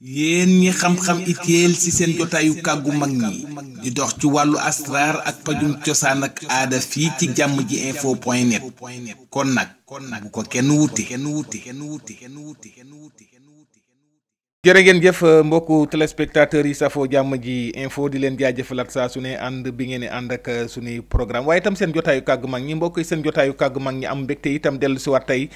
yéen ñi xam-xam itéel ci seen jotaayu kàggu mag ñi di dox ci wàllu asraar ak pajum cosaan ak aada fii ci jàmm ji info point net kon nag bu ko kenn wuti jërë ngeen jëf mbokku téléspectateurs yi safoo jàmm ji info di leen jaajëfalaat saa su ne ànd bi ngeen di ànd ak sunuy programme waaye itam seen jotaayu kàggu mag ñi mbokk yi seen jotaayu kàggu mag ñi am mbégte itam dellu si tey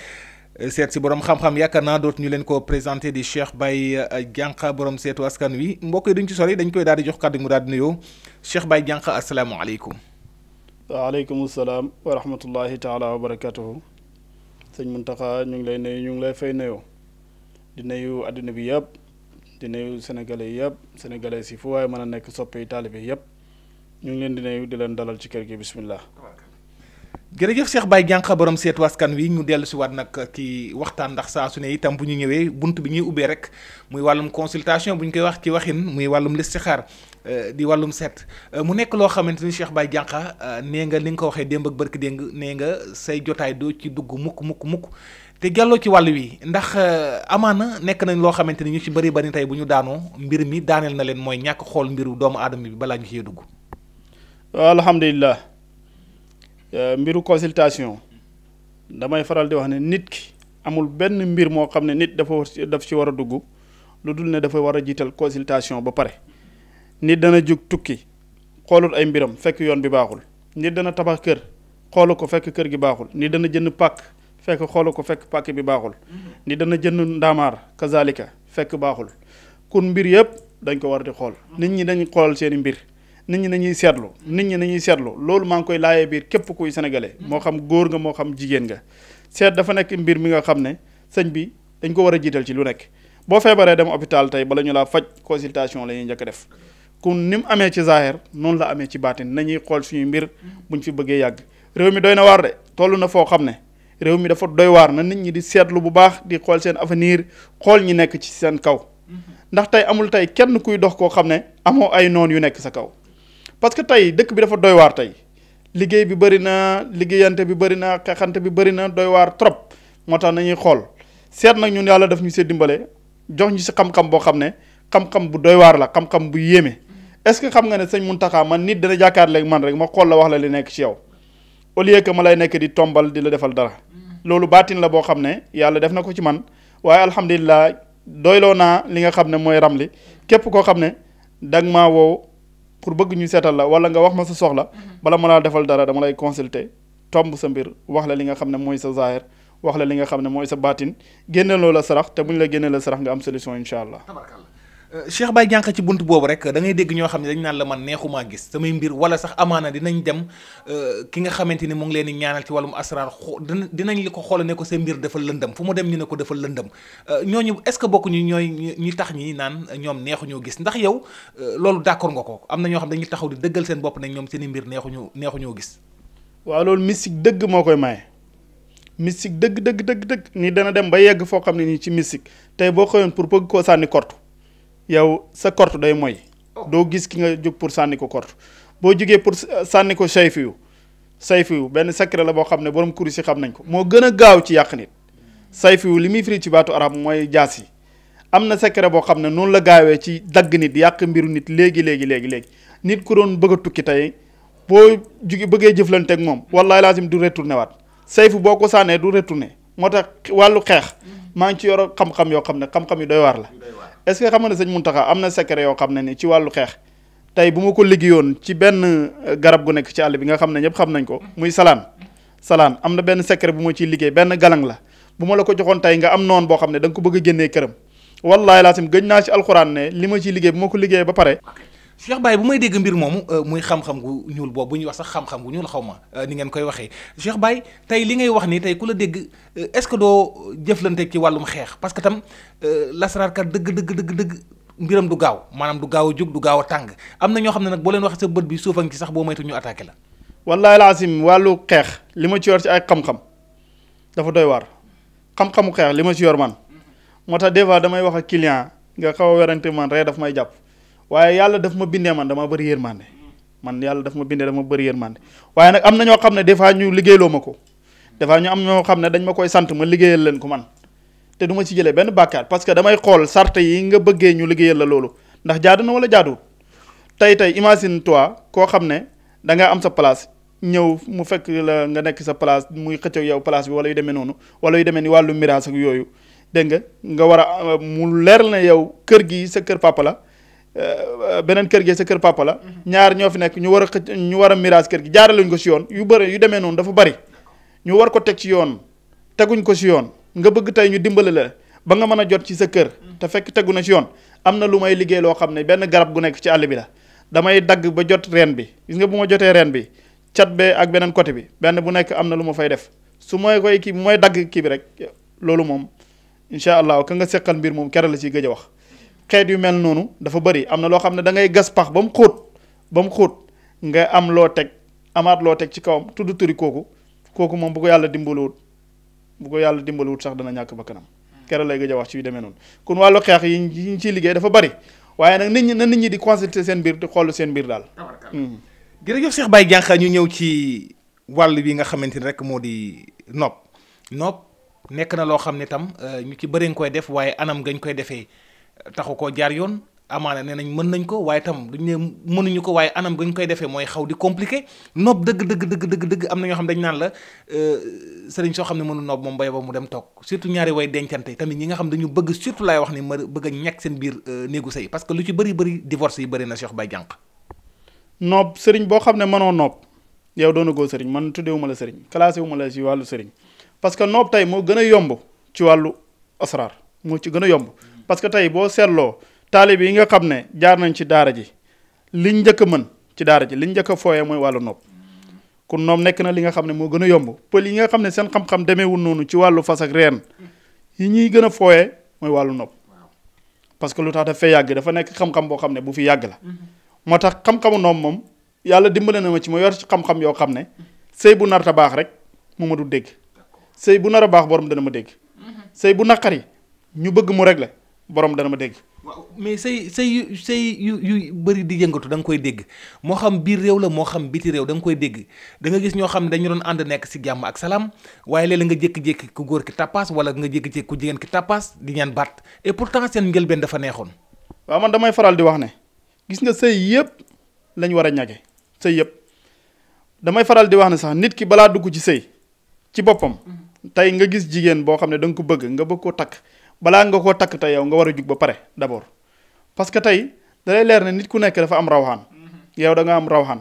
seet si borom xam-xam yaakaar naa dootu ñu leen ko présenté di Cheikh Baye euh, Diankha borom seetu askan wi mbokk yi duñ ci sori dañ koy daal jox kàddu mu daal di nuyoo Cheikh Baye Diankha asalaamaaleykum. salaam wa rahmatullahi taala sëñ Mountakha ñu ngi lay nuyu ñu ngi lay fay nuyoo di nuyu àddina bi yëpp di nuyu sénégalais yëpp sénégalais yi fu waaye mën a nekk sopp soppe taalibe yëpp ñu ngi leen di nuyu di leen dalal ci kër gi bismillah jërëjëf Cheikh Baye Diankha borom seetu askan wi ñu dellu si waat nag ki waxtaan ndax saa su ne itam bu ñu ñëwee bunt bi ñuy ubbee rek muy wàllum consultation bu ñu koy wax ci waxin muy wàllum listixaar euh, di wàllum seet euh, mu nekk loo xamante ni Cheikh baay jànqa euh, nee nga li nga ko waxee démb ak barki déng nee nga say jotaay doo ci dugg mukk mukk mukk te jàlloo ci wàll wi ndax amaana nekk nañ loo xamante ni ñu ci bëri bari tey bu ñu daanoo mbir mi daaneel na leen mooy ñàkk xool mbiru doomu aadama bi balaa ñu cee dugg. alhamdulilah. Euh, mbiru consultation damay faral di wax ne nit ki amul benn mbir moo xam ne nit dafa daf ci war a dugg lu dul ne dafa war a jiital consultation ba pare nit dana jóg tukki xoolul ay mbiram fekk yoon bi baaxul nit dana tabax kër xoolu ko fekk kër gi baaxul nit dana jënd pàkk fekk xoolu ko fekk pàkk bi baaxul mm-hmm. nit dana jënd ndaamaar kazalika fekk baaxul kun mbir yëpp dañ ko war di xool mm-hmm. nit ñi dañ xoolal seeni mbir nit ñi nañuy seetlu nit ñi nañuy seetlu loolu maa ngi koy laajee biir képp kuy sénégalais mm-hmm. moo xam góor nga moo xam jigéen nga seet dafa nekk mbir mi nga xam ne sëñ bi dañ ko war a jiital ci lu nekk boo feebaree dem hôpital tey bala ñu laa faj consultation la ñuy njëkk def ku ni mu amee ci zahir noonu la amee ci baatin nañuy xool suñu mbir mm-hmm. buñ fi bëggee yàgg réew mi doy na waar de toll na foo xam ne réew mi dafa doy waar na nit ñi di seetlu bu baax di xool seen avenir xool ñi nekk ci seen kaw mm-hmm. tey amul tey kenn kuy dox koo xam ne amoo ay noon yu nekk sa kaw parce que tey dëkk bi dafa doy waar tey liggéey bi bëri na liggéeyante bi bëri na xaxante bi bëri na doy waar trop moo tax nañuy xool seet nag ñun yàlla daf ñu see dimbale jox ñu si xam-xam boo xam ne xam-xam bu doy waar la xam-xam bu yéeme est-ce que xam nga ne sëñ Muntaxa man nit dana jàkkaarloog man rek ma xool la wax la li nekk ci yow au lieu que ma lay nekk di tombal di la defal dara loolu baatin la boo xam ne yàlla def na ko ci man waaye alhamdulilah doyloo naa li nga xam ne mooy ramli képp koo xam ne dag maa pour bëgg ñu seetal la wala nga wax ma sa soxla mhm. bala ma laa defal dara dama lay consulter tomb sa mbir wax la li nga xam ne mooy sa zaahir wax la li nga xam ne mooy sa baatin génneeloo la sarax te bu ñu la génnee la sarax nga am solution incha allah Cheikh Baye jànq ci bunt boobu rek dangay dégg ñoo xam ne dañ naan la man neexumaa gis samay mbir wala sax amaana dinañ dem euh, ki nga xamante ni mu ngi leen di ñaanal ci wàllum asraar dinañ li ko xool ne ko sa mbir dafa lëndëm fu dem ñu ne ko dafa lëndëm euh, ñooñu est-ce que bokk ñu ñooy ñi tax ñi naan ñoom neexuñoo gis ndax yow euh, loolu d'accord nga ko am na ñoo xam dañuy taxaw di dëggal seen bopp nañ ñoom seen i mbir neexuñu neexuñoo gis waaw loolu mystique dëgg moo koy maye mystique dëgg dëgg dëgg dëgg dana dem ba yegg foo xam ne nii ci mystique tey boo xëyoon pour bëgg koo sànni kortu yow sa korte day mooy oh. doo gis ki nga jóg pour sànni ko korte boo jógee pour euh, sànni ko sayfiyu sayfiyu benn secret la boo xam ne borom kuris yi xam nañ ko moo gën a gaaw ci yàq nit sayfiyu li muy firi ci baatu mooy jaas yi am na secret boo xam ne noonu la gaawee ci dagg nit yàq mbiru nit léegi léegi léegi léegi nit ku doon bëgg a tukki tey boo jugi bëggee jëflante ak moom wallahi lazim du retourné waat sayfu boo ko sànnee du retourné moo tax wàllu xeex mm-hmm. maa ngi ci yor xam-xam yoo xam ne xam-xam yu doy waar la est ce que xam nga ne am na secret yoo xam ne ni ci wàllu xeex tey bu ma ko liggéeyoon ci benn euh, garab gu nekk ci àll bi nga xam ne ñëpp xam nañ ko muy salaan salaan am na benn secret bu ma ciy liggéey benn galan la bu ma la ko joxoon tey nga am noon boo xam ne danga ko bëgg a génnee këram wallahi laasim gëñ naa ci alxuraan ne li ma ciy liggéey bu ma ko liggéeyee ba pare Cheikh Baye bu may dégg mbir moomu euh, muy xam-xam gu ñuul boobu bu ñuy wax sax xam-xam gu ñuul xaw ma euh, ni ngeen koy waxee Cheikh Baye tey li ngay wax nii tey ku la dégg euh, est-ce que doo jëflante ci wàllum xeex parce que tam lasaraarkat dëgg dëgg dëgg dëgg mbiram du gaaw maanaam du gaaw a jóg du gaaw a tàng am na ñoo xam ne nag boo leen wax bët bi suufan ci sax boo moytu ñu attaqué la wallahi laasim wàllu xeex li ma ci yor ci ay xam dafa doy waar xam-xamu xeex li ma ci yor man moo tax des fois damay wax ak client nga xaw werante man ree dafa may jàpp waaye yàlla daf ma bindee man dama bëri yërmande man yàlla daf ma bindee dama bëri yërmande waaye nag am na ñoo xam ne des fois ñu liggéeyloo ma ko des fois ñu am ñoo xam ne dañ ma koy sant ma liggéeyal leen ko man te duma ci jëlee benn bàkkaar parce que damay xool sart yi nga bëggee ñu liggéeyal la loolu ndax jaadu na wala jaaduwul tey tey imagine toi koo xam ne da nga am sa place ñëw mu fekk la nga nekk sa place muy xëcc yow place bi wala yu demee noonu wala demee ni wàllu miraas yooyu dégg nga nga war a mu leer na yow kër gi sa kër papa la Euh, beneen kër gi sa kër papa la ñaar ñoo fi nekk ñu war a xëcc ñu war a miraas kër gi jaaraluñ ko si yoon yu bëri yu deme noonu dafa bari ñu war ko teg ci yoon teguñ ko si yoon nga bëgg tey ñu dimbali la ba nga mën a jot ci sa kër te fekk tegu na si yoon am na lu may liggéey loo xam ne benn garab gu nekk ci àll bi la damay dagg ba jot reen bi gis nga bu ma jotee reen bi cat be ak beneen côté bi benn bu nekk am na lu ma fay def su mooy koy kii mooy dagg kii bi rek loolu moom incha allah ka nga seqal mbir moom kere la ci gëj a wax xeet yu mel noonu dafa bari am na loo xam ne da ngay gas pax ba mu xóot ba mu xóot nga am loo teg amaat loo teg ci kawam tudd turi kooku kooku moom bu ko yàlla dimbaluwut bu ko yàlla dimbaluwut sax dana ñàkk ba kanam hmm. keroog lay gëj a wax ci yu demee noonu kon wàllu xeex yi ñu ciy liggéey dafa bëri waaye nag nit ñi na nit ñi di consulter seen mbir di xool seen mbir daal. Ah, hmm. jërëjëf Cheikh Baye Diankha ñu ñëw ci wàll bi nga xamante ni rek moo di nopp nopp nekk na loo xam ne tam euh, ñu ci bëri nga koy def waaye anam gañ koy defee taxu koo jaar yoon amaana nee nañ mën nañ ko waaye tam duñ ne mënuñu ko waaye anam gañ koy defee mooy xaw di compliqué nopp dëgg dëgg dëgg dëgg dëgg am na ñoo xam dañ naan la euh, sëriñ soo xam ne mënu nopp moom bay ba mu dem toog surtout ñaari way dencante tamit ñi nga xam dañu bëgg surtout laay wax ni ma bëgg a ñàkk seen biir euh, néegu sëy parce que lu ci bari bëri divorce yi bëri na Cheikh Baye jànq nopp sëriñ boo xam ne mënoo nopp yow doona goo sëriñ man tuddewuma la sëriñ classé wuma la ci wàllu sëriñ parce que nopp tey moo gën a yomb ci wàllu asrar moo ci gën a yomb parce que tey boo seetloo taalib yi nga xam ne jaar nañ ci daara ji liñ njëkk a mën ci daara ji liñ njëkk a fooyee mooy wàllu nopp kon noom nekk na li nga xam ne moo gën a yomb pël yi nga xam ne seen xam-xam demeewul noonu ci wàllu fas ak reen yi ñuy gën a fooyee mooy wàllu nopp parce que lu tax daf yàgg dafa nekk xam boo xam ne bu fi yàgg la moo tax xam-xamu moom yàlla dimbale na ma ci ma yor ci xam yoo xam ne sëy bu narta baax rek mu ma du dégg sëy bu nar a baax borom dana ma dégg sëy bu naqari ñu bëgg mu la borom dana ma dégg. waaw mais say say yu say yu yu bëri di yëngatu danga koy dégg moo xam biir réew la moo xam biti réew da nga koy dégg danga gis ñoo xam ne dañu doon ànd nekk si jàmm ak salaam waaye léeg nga jékki-jékki ku góor ki tappaas wala nga jékki-jékki ku ki tappaas di ñaan baat et pourtant seen njëlbeen dafa neexoon. waaw man damay faral di wax ne gis nga sëy yëpp lañ war a ñage sëy yëpp damay faral di wax ne sax nit ki balaa dugg ci sëy ci boppam. Mm-hmm. tey nga gis jigéen boo xam ne danga ko bëgg nga bëgg koo takk. balaa nga koo takk tey yow nga war a jug ba pare d'abord parce que tey da leer ne nit ku nekk dafa am rawxaan mm-hmm. yow da nga am rawxaan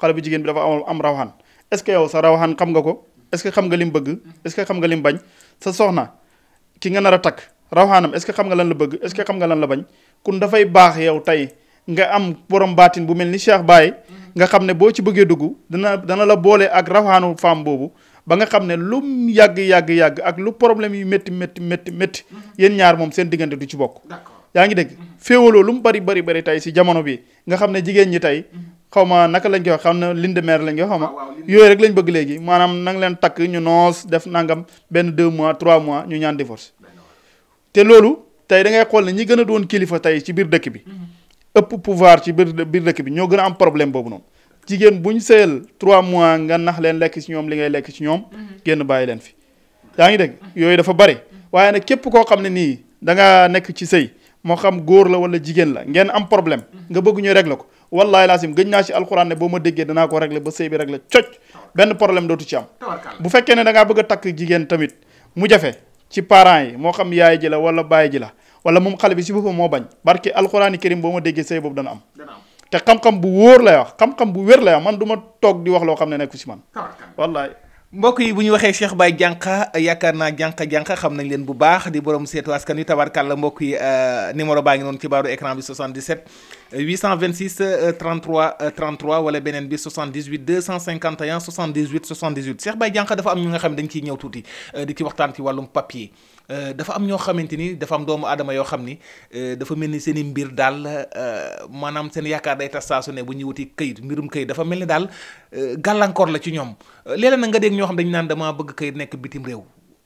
xale bu jigéen bi dafa am am rawxaan est sa rawxaan xam nga ko est-ce que xam nga bëgg mm-hmm. est-ce que xam nga lim bañ sa nga nar a takk rawxaanam est-ce xam nga lan la bëgg est-ce xam nga lan la bañ kun dafay baax yaw tey nga am borom baatin bu mel ni Cheikh Baye mm-hmm. nga xam ne boo ci bëggee dugg dana dana la boole ak rawxaanu femme boobu ba nga xam ne lu mu yàgg yàgg yàgg ak lu problème yu métti métti métti métti yéen ñaar moom seen diggante du ci bokk. yaa ngi dégg mhm. féewaloo lu mu bari bari bari tey si jamono bi nga xam ne jigéen ñi tey mhm. xaw ma naka lañ koy xam ne linde mère lañ koy xaw ma ah, yooyu rek lañ bëgg léegi maanaam nang leen takk ñu noos def nangam benn deux mois trois mois ñu ñaan divorce te loolu tey da ngay xool ne ñi gën a doon kilifa tey ci biir dëkk bi mhm. ëpp pouvoir ci biir biir dëkk bi ñoo gën a am problème boobu noonu jigéen bu ñu sëyal trois mois nga nax leen lekk ci ñoom li ngay lekk ci ñoom mhm. génn bàyyi leen fi yaa ngi dégg mhm. yooyu dafa bari waaye ne képp koo xam ne nii da nga nekk ci sëy moo xam góor la wala jigéen la ngeen am problème mhm. nga bëgg ñu régler ko wallahi laasim gëñ naa ci alxuraan ne boo ma déggee danaa ko régler ba sëy bi régler coc benn problème dootu ci am bu fekkee ne danga bëgg a takk jigéen tamit mu jafe ci parents yi moo xam yaay ji la wala baay ji la wala moom xale bi si boppam moo bañ barki alxuraani karim boo ma déggee sëy boobu dana am te xam-xam bu wóor lay wax xam-xam bu wér lay wax man du ma toog di wax loo xam ne nekku si man wallaay mbokk yi bu ñu waxee Cheikh Baye jànq yaakaar naa Diankha Diankha xam nañ leen bu baax di borom seetu askan wi tabarkàlla mbokk yi euh, numéro baa ngi noonu ci baaru écran bi 77 826 33 33 wala beneen bi 78 251 78 78 Cheikh Baye Dianka dafa am ñu nga xam ne dañ ciy ñëw tuuti euh, di euh, dafa am ñoo xamante ni dafa am doomu aadama yoo xam ni euh, dafa mel ni seen i mbir daal maanaam seen yaakaar day tas saa su ne bu ñuy wuti këyit mbirum këyit dafa mel ni daal gàllankoor la ci ñoom léeg-léeg nag nga dégg ñoo xam dañu naan dama bëgg këyit nekk bitim réew.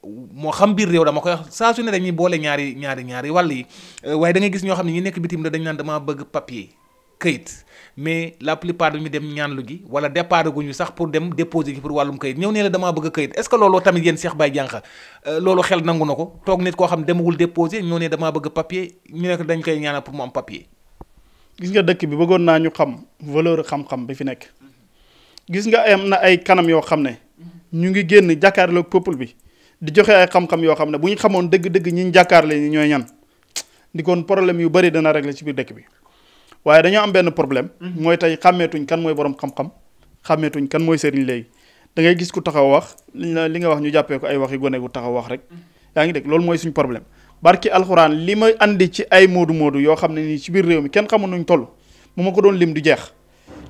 moo xam biir réew dama koy wax saa su ne dañuy boole ñaari ñaari ñaari wàll yi euh, waaye da ngay gis ñoo xam ne ñi nekk bitim da dañ naan dama bëgg papier këyit mais la plupart du ñu dem ñaanlu gi wala départ gu ñu sax pour dem déposer gi pour wàllum këyit ñëw ne la bëgg këyit est-ce que loolu tamit yéen Cheikh Baye Diankha euh, loolu xel nangu na ko toog nit koo xam demagul déposer ñëw ne damaa bëgg papier ñu ne ko dañ koy ñaanal pour mu am papier. gis nga dëkk bi bëggoon na ay kanam yoo xam ne ñu di joxe ay xam-xam yoo xam ne bu ñu xamoon dëgg-dëgg ñi ñu jàkkaarloo ñi ñan di kon problème yu bari dana régler ci biir dëkk bi waaye dañoo am benn problème. Mhm. mooy tey xàmmeetuñ kan mooy borom xam-xam xàmmeetuñ kan mooy sëriñ léegi da ngay gis ku taxaw wax li nga wax ñu jàppee ko ay waxi gone ku taxaw wax rek. Mhm. yaa ngi dégg loolu mooy suñu problème barki alxuraan li ma andi ci ay moodu-moodu yoo xam ne nii ci biir réew mi kenn xamul nuñ toll mu ma ko doon lim du jeex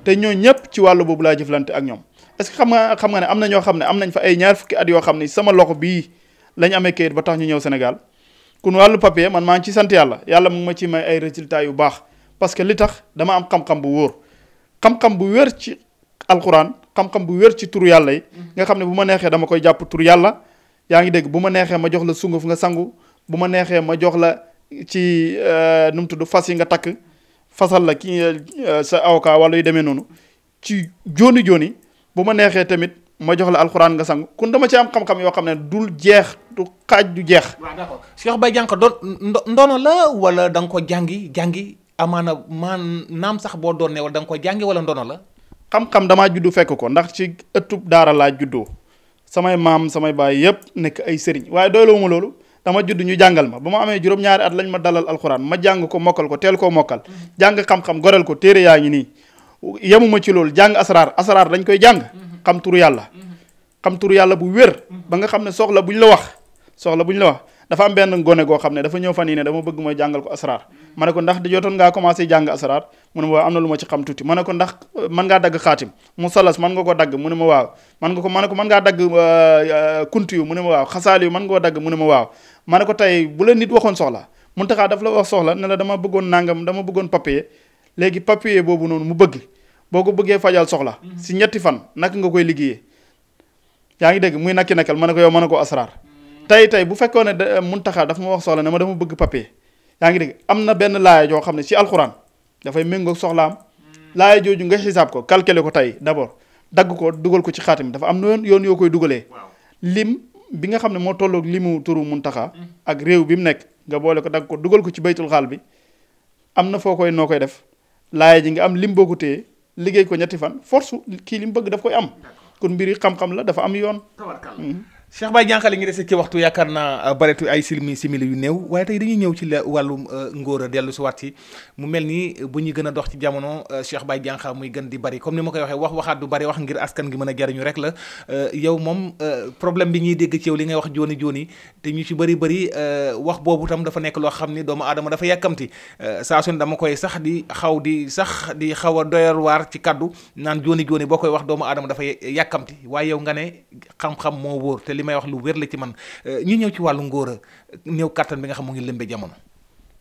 te ñoo ñëpp ci wàllu boobu laa jëflante ak ñoom est xam nga xam nga ne am na ñoo xam ne am nañ fa ay ñaar fukki at yoo xam ni sama loxo bii lañ amee kayit ba tax ñu ñëw Sénégal kun wàllu papier man maa ngi ci sant yàlla yàlla mu ma ci may ay résultats yu baax parce que li tax dama am xam-xam bu wóor xam-xam bu wér ci alxuraan xam-xam bu wér ci tur yàlla yi nga xam ne bu ma neexee dama koy jàpp tur yàlla yaa ngi dégg bu ma neexee ma jox la sunguf nga sangu bu ma neexee ma jox la ci euh, nu mu tudd fas yi nga takk fasal la ki euh, sa avocat wala demee noonu ci jooni jooni bu ma neexee tamit ma jox la alxuraan nga sangu kun dama ci am xam-xam yoo xam ne dul jeex du xaaj du jeex. waaw d'accord Cheikh Baye Dianka ndono la wala da nga ko jàngi jàngi amaana man naam sax boo doon ne wala da ko jàngi wala ndono la. xam-xam damaa juddu fekk ko ndax ci ëttub daara laa juddoo samay maam samay baay yëpp nekk ay sëriñ waaye doyloo ma loolu dama judd ñu jàngal ma ba ma amee juróom at lañ ma dalal alxuraan ma jàng ko mokkal ko teel koo mokkal mm-hmm. jàng xam-xam gorel ko téere yaa ngi nii yemuma ci loolu jàng asraar asraar dañ koy jàng mhm. xam turu yàlla mhm. xam turu yàlla bu wér mhm. ba nga xam ne soxla buñ la wax soxla buñ la wax dafa am benn gone goo xam ne dafa ñëw fan yii ne dama bëgg mooy jàngal ko asraar ma ne ko ndax jotoon ngaa commencé jàng asraar mu ne ma waaw am na lu ma ci xam ma ne ko euh, ma ma ne ko mën ngaa dagg euh, euh, kuntu yu mu ma waaw xasaal ma waaw ma ne ko tey bu la nit waxoon soxla mun taxaa daf la wax soxla ne la dama bëggoon nangam dama bëggoon papier léegi papier boobu noonu mu bëgg boo ko bëggee fajal soxla mhm. si ñetti fan naka nga koy liggéeyee yaa ngi dégg muy nakki nakkal ma ne ko yow ma ne ko asraar mhm. tey bu fekkoon ne eh, muntaxaa dafa ma wax soxla ne ma dama bëgg papier yaa ngi am na benn laaya joo xam ne si alxuraan dafay méngoo soxlaam mhm. laaya jooju nga xisaab ko calculer ko tey d'abord dagg ko dugal ko ci xaatim dafa am na yoon yoo koy dugalee lim bi nga xam ne moo tolloog limu turu muntaxaa ak réew bi mu nekk nga boole ko dagg ko dugal ko ci baytul xaal bi am na foo koy noo koy def laaya ji nga am lim boo ko téye liggéey ko ñetti fan force kii lim bëgg daf koy am kon mbiri xam-xam la dafa am yoon. tabarkalla mhm. Cheikh Baye jànqale ngi dese ci waxtu yaakaar naa euh, baretu ay silmi simili yu néew waaye tey dañuy ñëw ci la wàllum euh, ngóor a dellu si waat mu mel ni euh, bu ñuy gën a dox ci jamono Cheikh Baye jànqa muy gën di bari comme ni ma koy waxee wax waxaat du bari wax ngir askan gi mën a jariñu rek la yow moom problème bi ñuy dégg ci yow li ngay wax jooni jooni te ñu ci bëri bëri wax boobu tam dafa nekk loo xam ni doomu aadama dafa yàkkamti saa su ne dama koy sax di xaw di sax di xaw a waar ci kaddu naan jooni jooni boo koy wax doomu aadama dafa yàkkamti waaye yow nga ne xam may wax lu wér la ci man euh, ñu ñëw ci wàllu ngóora néew kàttan bi nga xam mu ngi lëmbe jamono.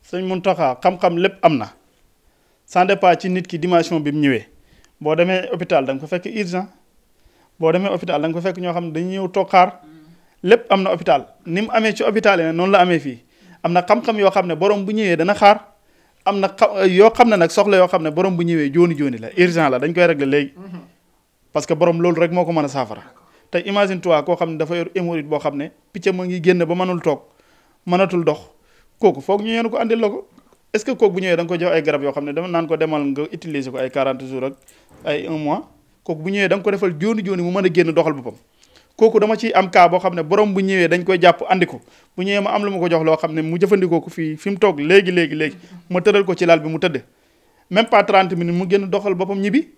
sëñ Mountakha xam-xam lépp am na sans départ ci nit ki dimension bi mu ñëwee boo demee hôpital da nga ko fekk urgent boo demee hôpital da nga ko fekk ñoo xam ne dañuy ñëw toog xaar lépp am na hôpital ni mu amee ci hôpital yi noonu la amee fii am na xam-xam yoo xam ne borom bu ñëwee dana xaar am na xam yoo xam ne nag soxla yoo xam ne borom bu ñëwee jooni jooni la urgent la dañ koy régler léegi mm-hmm. parce que borom loolu rek moo ko mën a saafara. tey imagine toi koo xam ne dafa yor hémorroïde boo xam ne picc ma ngi génn ba mënul toog mënatul dox kooku foog ñu yéen ko andil la ko est ce que kooku bu ñëwee da nga ko jox ay garab yoo xam ne dama naan ko demal nga utiliser ko ay 40 jours ak ay kooku bu ñëwee danga ko defal jooni jooni mu mën a génn doxal boppam kooku dama ci am cas boo xam ne borom bu ñëwee dañ koy jàpp andi ko bu ñëwee ma am la ma ko jox loo xam ne mu jëfandikoo ko fii fi mu toog léegi léegi léegi ma tëral ko ci laal bi mu tëdd même pas 30 minutes mu génn doxal boppam ñibbi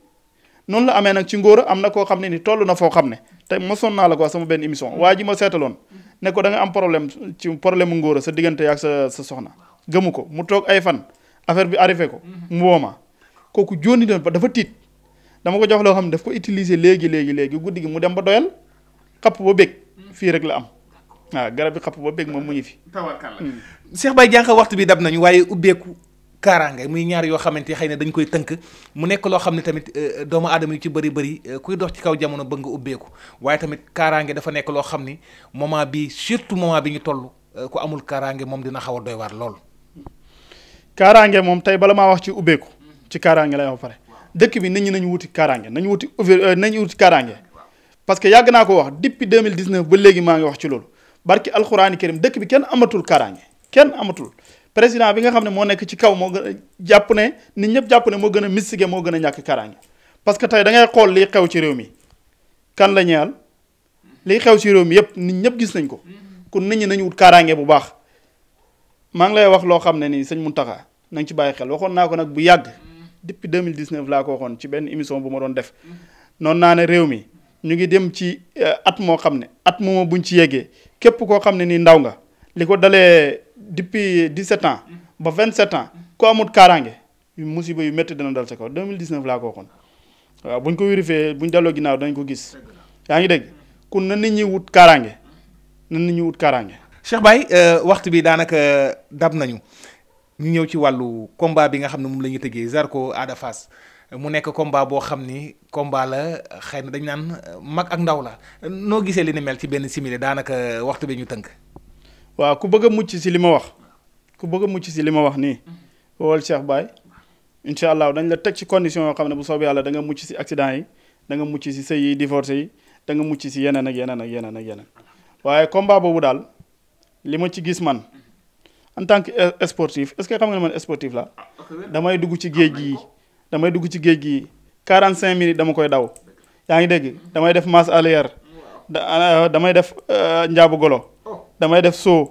noonu amee nag ci ngóor am na koo xam ne ni toll na foo xam ne te mosoon naa la ko sama benn émission mm-hmm. waa ji ma seetaloon ne ko da nga am problème ci problème mu ngóor sa diggante ak sa sa soxna gëmu ko mu toog ay fan affaire bi arrivé ko mm-hmm. mu wooma kooku jóoni doon ba dafa tiit dama ko jox loo xam ne daf ko utiliser léegi léegi léegi guddi gi mu dem ba doyal xapp ba bég mm-hmm. fii rek la am waaw garab bi xapp ba bég moom mu ngi fi. tawakkal la mm. Cheikh Baye Diakha waxtu bi dab nañu waaye ubbeeku kaaraange muy ñaar yoo xamante xëy na dañ koy tënk mu nekk loo xam ne tamit euh, doomu aadama yu ci bëri bëri euh, kuy dox ci kaw jamono bëgg nga ubbeeku waaye tamit kaaraange dafa nekk loo xam ni moment bi surtout moment bi ñu toll euh, ku amul kaaraange moom dina xaw a doy waar lool. kaaraange moom tey bala maa wax ci ubbeeku ci kaaraange lay wax pare dëkk bi nit ñi nañu wuti kaaraange nañu wuti nañu wuti kaaraange parce que yàgg naa ko wax depuis 2019 ba léegi maa ngi wax ci loolu barki alxuraani karim dëkk bi président bi nga xam ne moo nekk ci kaw moo gën a jàpp ne nit ñëpp jàpp ne moo gën a mystique moo gën a ñàkk kaaraange parce que tey da ngay xool liy xew ci réew mi kan la ñeel liy xew ci réew mi yëpp nit ñëpp gis nañ ko kon nit ñi nañu wut kaaraange bu baax maa ngi lay wax loo xam ne nii sañ Mountakha na nga ci bàyyi xel waxoon naa ko nag bu yàgg depuis 2019 laa ko waxoon ci benn émission bu ma doon def noonu naa ne réew mi ñu ngi dem ci euh, at moo xam ne at moomu buñ ci yeggee képp koo xam ne nii ndaw nga depuis sept ans ba 27 ans ku amut kaaraange musiba yu métti dina dal sa kaw 2019 laa ko waxoon waaw buñ ko bu buñ delloo ginnaaw dañ ko gis yaa ngi dégg kun na nit ñi wut kaaraange na nit ñi wut kaaraange. Cheikh Baye euh, waxtu bi daanaka euh, dab nañu ñu ñëw ci wàllu combat bi nga xam ne moom la ñu tëggee Zarko Ada Fass mu nekk combat boo xam ni combat la xëy na dañu naan euh, mag ak ndaw la noo gisee li ni mel ci benn simili daanaka waxtu bi ñu tënk. waaw ku bëgg a mucc si li ma wax ku bëgg mucc si li ma wax nii wool Cheikh Baye incha allah dañ la teg ci condition yoo xam ne bu soob yàlla danga mucc si accident yi da mucc si sëy yi divorce yi da nga mucc si yeneen ak yeneen ak yeneen ak yeneen waaye combat boobu daal li ma ci gis man en tant que sportif est-ce que xam nga ne man sportif la damay dugg ci géej gi damay dugg ci géej gi 45 minutes dama koy daw yaa ngi dégg damay def masse arrière damay def euh, njaabu golo damay def soo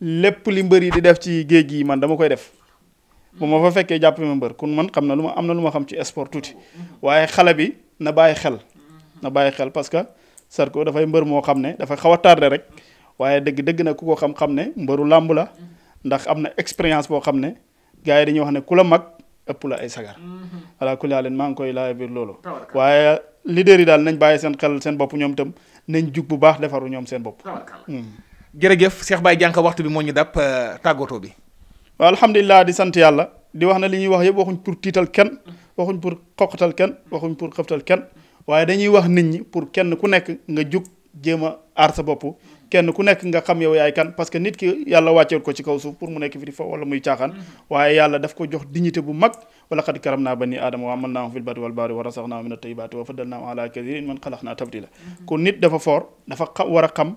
lépp li mbër yi di def ci géej gi man dama koy def bu ma fa fekkee jàpp ma mbër kon man xam na lu ma am na lu ma xam ci esport tuuti waaye xale bi na bàyyi xel na bàyyi xel parce que Zarko dafay mbër moo xam ne dafa xaw a tardé rek waaye dëgg-dëgg na ku ko xam-xam ne mbëru làmb la ndax am na expérience boo xam ne gars yi dañuy wax ne ku la mag ëpp la ay sagar voilà ku leen maa ngi koy laaj biir loolu waaye leader yi daal nañ bàyyi seen xel seen bopp ñoom itam nañ jug bu baax defaru ñoom seen bopp jërëjëf Cheikh Baye jànq waxtu bi moo ñu dab euh, tàggatoo bi. waa alhamdulilah di sant yàlla di wax na li ñuy wax yëpp waxuñ pour tiital kenn waxuñ pour xoqatal kenn waxuñ pour xëftal kenn waaye dañuy wax nit ñi pour kenn ku nekk nga jug jéem a aar sa bopp kenn ku nekk nga xam yow yaay kan parce que nit ki yàlla wàcceel ko ci kaw suuf pour mu nekk fi di fa wala muy caaxaan mm-hmm. waaye yàlla daf ko jox dignité bu mag. wa laqad karam naa bani aadama wa amal naahum fil barri wal bahri wa a naahum min at-tayyibaati wa faddal naahum ala kathirin man xalaq naa tafdila kon nit dafa foor dafa xam war a xam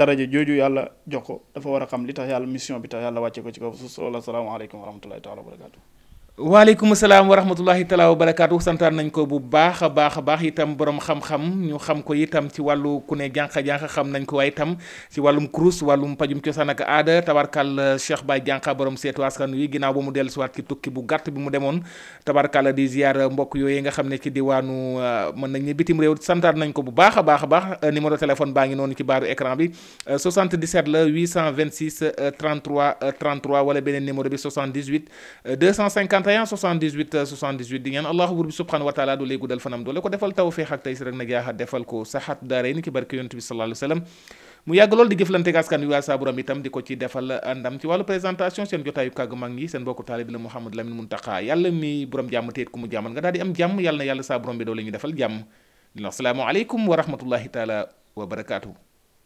daraja jooju yàlla jox ko dafa war a xam li tax yàlla mission bi tax yàlla wàcce ko ci kaw suuf wala salaamaaleykum wa rahmatullahi taala wa barakatu waaleykum salaam wa rahmatullahi taalaa wa barakaatu santaan nañ ko bu baax a baax a baax itam borom xam-xam ñu xam ko itam ci wàllu ku ne jànqa-jànqa xam nañ ko waaye itam ci wàllum kurus wàllum pajum cosaan ak aada tabarkal Cheikh Baye jànqa borom seetu askan wi ginnaaw ba mu dellusiwaat ci tukki bu gàtt bi mu demoon tabarkal di ziar mbokk yooyu nga xam ne ci diwaanu euh, mën nañ ne bitim réew santaan nañ ko bu baax a baax a baax euh, numéro téléphone baa ngi noonu ci baaru écran bi 77 euh, la 826 33 33 wala beneen numéro bi 78 250 31 78 78 di ngeen allahu buur bi subhanahu wa taala doolee guddal fanam doole ko defal tawfeex ak taysiir ak najaaxa defal ko saxaat daaray ni ki barke yonent bi sallallahu alayhi wa sallam mu yàgg lool di jëflante ak askan wi waa saaburam itam di ko ci defal euh, ndam ci wàllu présentation seen jotaayu kàgg mag ñi seen bokku taalib la Mouhamed Lamine Muntaqa yàlla mi borom jàmm téet ku mu jàmmal nga daal di am jàmm yàlla na yàlla saaburam bi doole ñu defal jàmm dina assalaamu aleykum wa rahmatullahi taala wa barakaatu